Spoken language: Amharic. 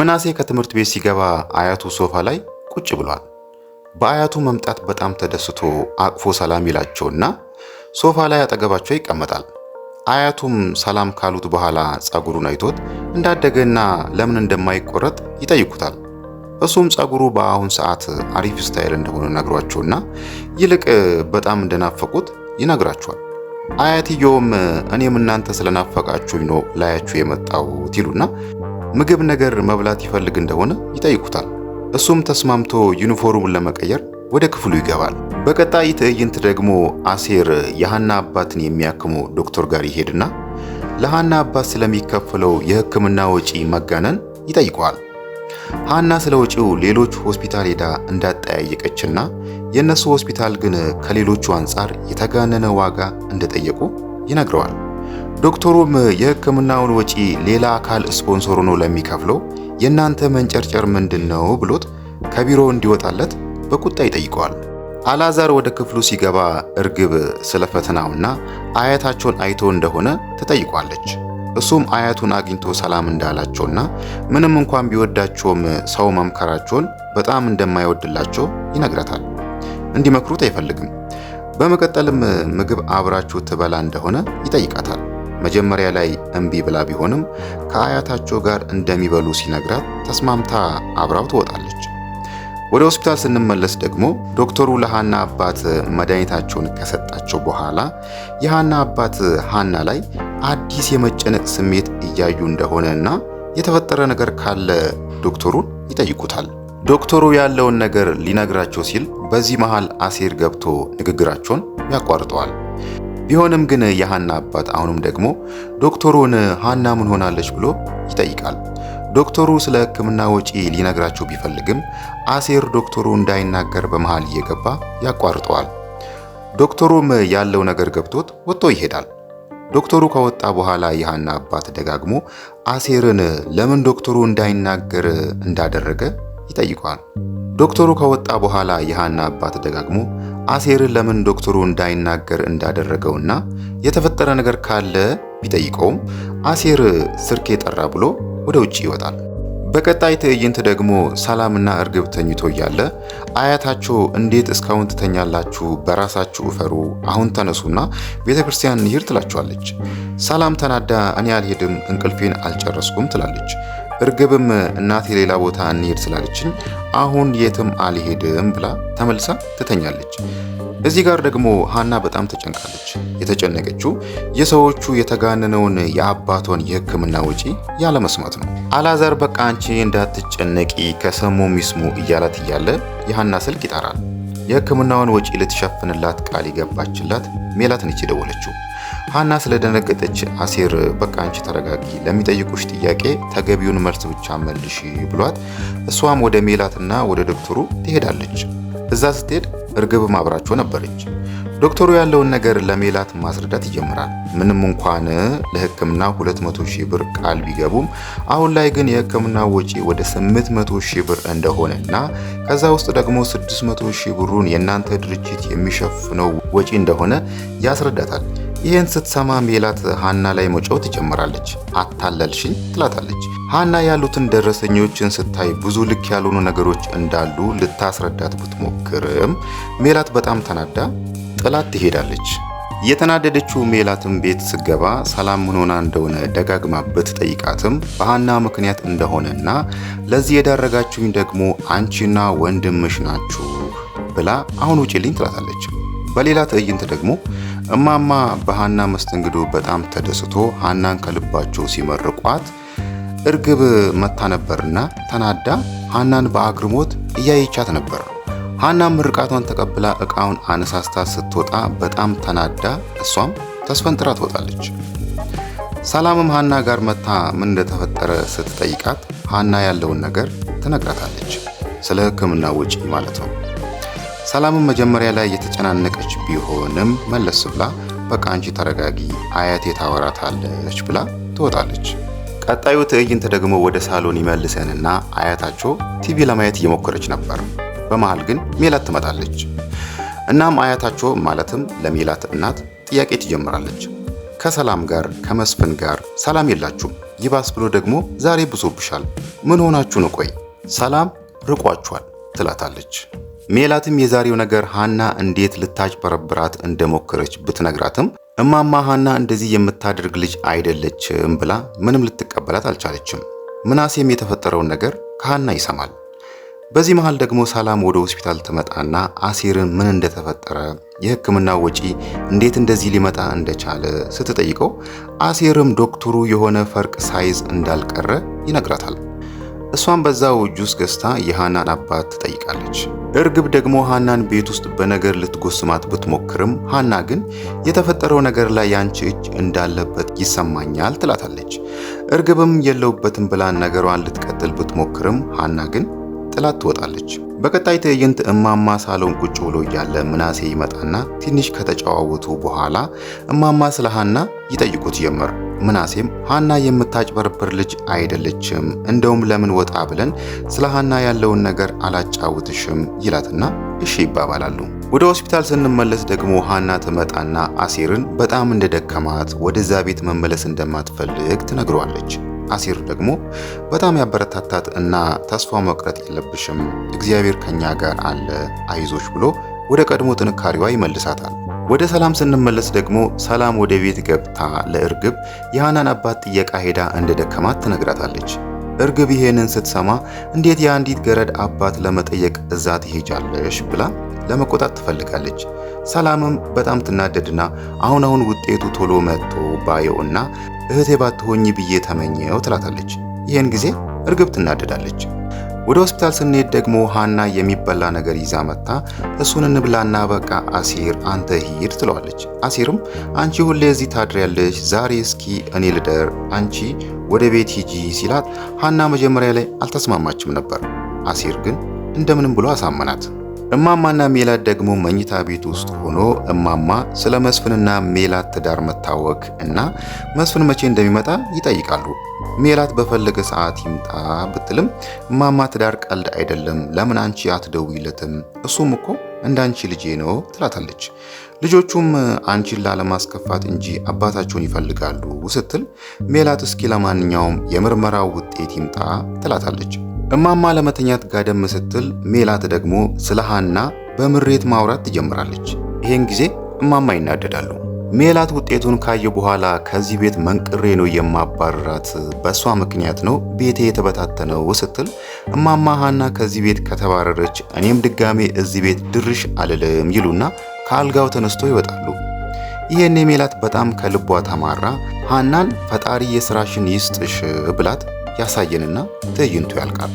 ምናሴ ከትምህርት ቤት ሲገባ አያቱ ሶፋ ላይ ቁጭ ብሏል። በአያቱ መምጣት በጣም ተደስቶ አቅፎ ሰላም ይላቸውና ሶፋ ላይ አጠገባቸው ይቀመጣል። አያቱም ሰላም ካሉት በኋላ ጸጉሩን አይቶት እንዳደገና ለምን እንደማይቆረጥ ይጠይቁታል። እሱም ጸጉሩ በአሁን ሰዓት አሪፍ ስታይል እንደሆነ ነግሯቸውና ይልቅ በጣም እንደናፈቁት ይነግራቸዋል። አያትየውም እኔም እናንተ ስለናፈቃችሁኝ ነው ላያችሁ የመጣሁት ይሉና ምግብ ነገር መብላት ይፈልግ እንደሆነ ይጠይቁታል። እሱም ተስማምቶ ዩኒፎርሙን ለመቀየር ወደ ክፍሉ ይገባል። በቀጣይ ትዕይንት ደግሞ አሴር የሃና አባትን የሚያክሙ ዶክተር ጋር ይሄድና ለሃና አባት ስለሚከፈለው የሕክምና ወጪ መጋነን ይጠይቀዋል። ሃና ስለ ወጪው ሌሎች ሆስፒታል ሄዳ እንዳጠያየቀችና የእነሱ ሆስፒታል ግን ከሌሎቹ አንጻር የተጋነነ ዋጋ እንደጠየቁ ይነግረዋል። ዶክተሩም የህክምናውን ወጪ ሌላ አካል ስፖንሰር ሆኖ ለሚከፍለው የእናንተ መንጨርጨር ምንድን ነው ብሎት ከቢሮ እንዲወጣለት በቁጣ ይጠይቀዋል። አላዛር ወደ ክፍሉ ሲገባ እርግብ ስለ ፈተናውና አያታቸውን አይቶ እንደሆነ ትጠይቋለች። እሱም አያቱን አግኝቶ ሰላም እንዳላቸውና ምንም እንኳን ቢወዳቸውም ሰው መምከራቸውን በጣም እንደማይወድላቸው ይነግራታል። እንዲመክሩት አይፈልግም። በመቀጠልም ምግብ አብራችሁ ትበላ እንደሆነ ይጠይቃታል። መጀመሪያ ላይ እምቢ ብላ ቢሆንም ከአያታቸው ጋር እንደሚበሉ ሲነግራት ተስማምታ አብራው ትወጣለች። ወደ ሆስፒታል ስንመለስ ደግሞ ዶክተሩ ለሃና አባት መድኃኒታቸውን ከሰጣቸው በኋላ የሃና አባት ሃና ላይ አዲስ የመጨነቅ ስሜት እያዩ እንደሆነ እና የተፈጠረ ነገር ካለ ዶክተሩን ይጠይቁታል። ዶክተሩ ያለውን ነገር ሊነግራቸው ሲል በዚህ መሃል አሴር ገብቶ ንግግራቸውን ያቋርጠዋል። ቢሆንም ግን የሃና አባት አሁንም ደግሞ ዶክተሩን ሃና ምን ሆናለች ብሎ ይጠይቃል። ዶክተሩ ስለ ሕክምና ወጪ ሊነግራቸው ቢፈልግም አሴር ዶክተሩ እንዳይናገር በመሃል እየገባ ያቋርጠዋል። ዶክተሩም ያለው ነገር ገብቶት ወጥቶ ይሄዳል። ዶክተሩ ከወጣ በኋላ የሃና አባት ደጋግሞ አሴርን ለምን ዶክተሩ እንዳይናገር እንዳደረገ ይጠይቋል። ዶክተሩ ከወጣ በኋላ የሃና አባት ደጋግሞ አሴር ለምን ዶክተሩ እንዳይናገር እንዳደረገውና የተፈጠረ ነገር ካለ ቢጠይቀውም አሴር ስልኬ ጠራ ብሎ ወደ ውጭ ይወጣል። በቀጣይ ትዕይንት ደግሞ ሰላምና እርግብ ተኝቶ እያለ አያታችሁ እንዴት እስካሁን ትተኛላችሁ? በራሳችሁ እፈሩ፣ አሁን ተነሱና ቤተ ክርስቲያን ትላችኋለች። ሰላም ተናዳ እኔ አልሄድም፣ እንቅልፌን አልጨረስኩም ትላለች። እርግብም እናቴ ሌላ ቦታ እንሄድ ስላለችን አሁን የትም አልሄድም ብላ ተመልሳ ትተኛለች። እዚህ ጋር ደግሞ ሀና በጣም ተጨንቃለች። የተጨነቀችው የሰዎቹ የተጋነነውን የአባቷን የሕክምና ወጪ ያለመስማት ነው። አላዛር በቃ አንቺ እንዳትጨነቂ ከሰሙ ሚስሙ እያላት እያለ የሀና ስልክ ይጠራል። የሕክምናውን ወጪ ልትሸፍንላት ቃል ይገባችላት ሜላት ነች የደወለችው። ሀና ስለደነገጠች አሴር በቃ አንቺ ተረጋጊ፣ ለሚጠይቁሽ ጥያቄ ተገቢውን መልስ ብቻ መልሽ ብሏት እሷም ወደ ሜላትና ወደ ዶክተሩ ትሄዳለች። እዛ ስትሄድ እርግብ ማብራቸው ነበረች። ዶክተሩ ያለውን ነገር ለሜላት ማስረዳት ይጀምራል። ምንም እንኳን ለሕክምና 200 ሺህ ብር ቃል ቢገቡም አሁን ላይ ግን የሕክምና ወጪ ወደ 800 ሺህ ብር እንደሆነ እና ከዛ ውስጥ ደግሞ 600 ሺህ ብሩን የእናንተ ድርጅት የሚሸፍነው ወጪ እንደሆነ ያስረዳታል። ይህን ስትሰማ ሜላት ሃና ላይ መጮህ ትጀምራለች። አታለልሽኝ ትላታለች። ሃና ያሉትን ደረሰኞችን ስታይ ብዙ ልክ ያልሆኑ ነገሮች እንዳሉ ልታስረዳት ብትሞክርም ሜላት በጣም ተናዳ ጥላት ትሄዳለች። የተናደደችው ሜላትም ቤት ስገባ ሰላም ምን ሆና እንደሆነ ደጋግማ ብትጠይቃትም በሀና ምክንያት እንደሆነና ለዚህ የዳረጋችሁኝ ደግሞ አንቺና ወንድምሽ ናችሁ ብላ አሁን ውጭልኝ ትላታለች። በሌላ ትዕይንት ደግሞ እማማ በሃና መስተንግዶ በጣም ተደስቶ ሃናን ከልባቸው ሲመርቋት እርግብ መታ ነበርና ተናዳ ሃናን በአግርሞት እያየቻት ነበር። ሃና ምርቃቷን ተቀብላ እቃውን አነሳስታ ስትወጣ በጣም ተናዳ እሷም ተስፈንጥራ ትወጣለች። ሰላምም ሃና ጋር መታ ምን እንደተፈጠረ ስትጠይቃት ሃና ያለውን ነገር ትነግራታለች። ስለ ሕክምና ወጪ ማለት ነው። ሰላምን መጀመሪያ ላይ የተጨናነቀች ቢሆንም መለስ ብላ በቃ አንቺ ተረጋጊ አያቴ ታወራታለች ብላ ትወጣለች። ቀጣዩ ትዕይንት ደግሞ ወደ ሳሎን ይመልሰንና አያታቸው ቲቪ ለማየት እየሞከረች ነበር። በመሃል ግን ሜላት ትመጣለች። እናም አያታቸው ማለትም ለሜላት እናት ጥያቄ ትጀምራለች። ከሰላም ጋር ከመስፍን ጋር ሰላም የላችሁም፣ ይባስ ብሎ ደግሞ ዛሬ ብሶብሻል፣ ምን ሆናችሁ ነው? ቆይ ሰላም ርቋችኋል ትላታለች። ሜላትም የዛሬው ነገር ሃና እንዴት ልታጭበረብራት እንደሞከረች ብትነግራትም እማማ ሃና እንደዚህ የምታደርግ ልጅ አይደለችም ብላ ምንም ልትቀበላት አልቻለችም። ምናሴም የተፈጠረውን ነገር ከሃና ይሰማል። በዚህ መሃል ደግሞ ሰላም ወደ ሆስፒታል ትመጣና አሴርን ምን እንደተፈጠረ የህክምና ወጪ እንዴት እንደዚህ ሊመጣ እንደቻለ ስትጠይቀው አሴርም ዶክተሩ የሆነ ፈርቅ ሳይዝ እንዳልቀረ ይነግራታል። እሷም በዛው ጁስ ገዝታ የሃናን አባት ትጠይቃለች። እርግብ ደግሞ ሃናን ቤት ውስጥ በነገር ልትጎስማት ብትሞክርም ሃና ግን የተፈጠረው ነገር ላይ ያንቺ እጅ እንዳለበት ይሰማኛል ትላታለች። እርግብም የለውበትም ብላን ነገሯን ልትቀጥል ብትሞክርም ሃና ግን ጥላት ትወጣለች። በቀጣይ ትዕይንት እማማ ሳሎን ቁጭ ብሎ እያለ ምናሴ ይመጣና ትንሽ ከተጨዋወቱ በኋላ እማማ ስለ ሃና ይጠይቁት ጀመር። ምናሴም ሀና የምታጭበርብር ልጅ አይደለችም፣ እንደውም ለምን ወጣ ብለን ስለ ሀና ያለውን ነገር አላጫውትሽም ይላትና እሺ ይባባላሉ። ወደ ሆስፒታል ስንመለስ ደግሞ ሃና ትመጣና አሲርን በጣም እንደደከማት ወደዛ ቤት መመለስ እንደማትፈልግ ትነግሯለች። አሲር ደግሞ በጣም ያበረታታት እና ተስፋ መቁረጥ የለብሽም፣ እግዚአብሔር ከኛ ጋር አለ፣ አይዞች ብሎ ወደ ቀድሞ ጥንካሬዋ ይመልሳታል። ወደ ሰላም ስንመለስ ደግሞ ሰላም ወደ ቤት ገብታ ለእርግብ የሐናን አባት ጥየቃ ሄዳ እንደደከማት ትነግራታለች። እርግብ ይሄንን ስትሰማ እንዴት የአንዲት ገረድ አባት ለመጠየቅ እዛ ትሄጃለሽ ብላ ለመቆጣት ትፈልጋለች። ሰላምም በጣም ትናደድና አሁን አሁን ውጤቱ ቶሎ መጥቶ ባየውና እህቴ ባትሆኝ ብዬ ተመኘው ትላታለች። ይህን ጊዜ እርግብ ትናደዳለች። ወደ ሆስፒታል ስንሄድ ደግሞ ሃና የሚበላ ነገር ይዛ መጣ። እሱን እንብላና በቃ አሲር አንተ ሂድ ትለዋለች። አሲርም አንቺ ሁሌ እዚህ ታድሪያለሽ፣ ዛሬ እስኪ እኔ ልደር፣ አንቺ ወደ ቤት ሂጂ ሲላት ሃና መጀመሪያ ላይ አልተስማማችም ነበር። አሲር ግን እንደምንም ብሎ አሳመናት። እማማና ሜላት ደግሞ መኝታ ቤት ውስጥ ሆኖ እማማ ስለ መስፍንና ሜላት ትዳር መታወክ እና መስፍን መቼ እንደሚመጣ ይጠይቃሉ። ሜላት በፈለገ ሰዓት ይምጣ ብትልም እማማ ትዳር ቀልድ አይደለም፣ ለምን አንቺ አትደውይለትም? እሱም እኮ እንዳንቺ ልጄ ነው ትላታለች። ልጆቹም አንቺን ላለማስከፋት እንጂ አባታቸውን ይፈልጋሉ ስትል ሜላት እስኪ ለማንኛውም የምርመራው ውጤት ይምጣ ትላታለች። እማማ ለመተኛት ጋደም ስትል ሜላት ደግሞ ስለ ሀና በምሬት ማውራት ትጀምራለች። ይህን ጊዜ እማማ ይናደዳሉ። ሜላት ውጤቱን ካየ በኋላ ከዚህ ቤት መንቅሬ ነው የማባረራት፣ በእሷ ምክንያት ነው ቤቴ የተበታተነው ስትል እማማ ሃና ከዚህ ቤት ከተባረረች እኔም ድጋሜ እዚህ ቤት ድርሽ አልልም ይሉና ከአልጋው ተነስቶ ይወጣሉ። ይህን ሜላት በጣም ከልቧ ተማራ ሃናን ፈጣሪ የስራሽን ይስጥሽ ብላት ያሳየንና ትዕይንቱ ያልቃል።